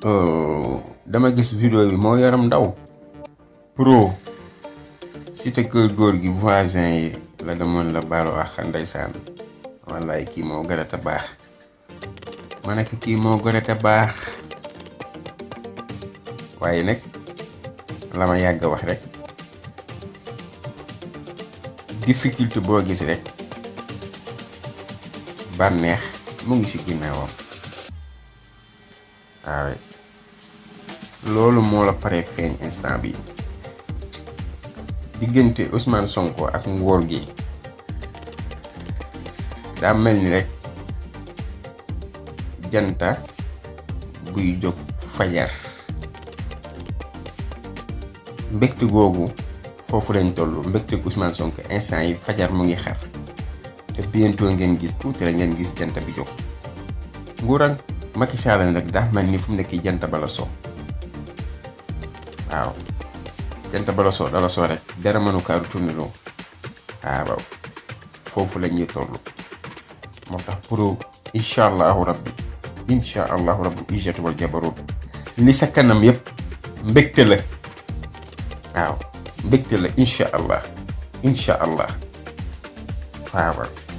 Eh, dama gis video bi mo yaram ndaw pro cité kër gor gi voisin yi la demon la baalu ak ndaysan wallahi ki mo gëna ta bax manaka ki mo gëna ta bax waye to lama yagg wax rek difficulté bo gis rek banex mo ngi ci waaw loolu moo la paree feeñ instant bi diggante Ousmane Sonko ak nguur gi daa mel ni rek janta buy jóg fajar mbégte googu foofu lañ toll mbégte Ousmane sonk instant yi fajar mu ngi xar te bientôt ngeen gis tuuti la ngeen gis jant bi jóg nguur Macky Sall nag daa mel ni fu mu nekk jant bala so waaw jant bala so rek dara mënu kaa retourné loo ah, waaw foofu la ñuy toll moo tax pour incha allahu rabbi incha allahu rabbi ijatu wal li sa kanam yëpp mbégte la waaw mbégte la incha allah incha allah waaw.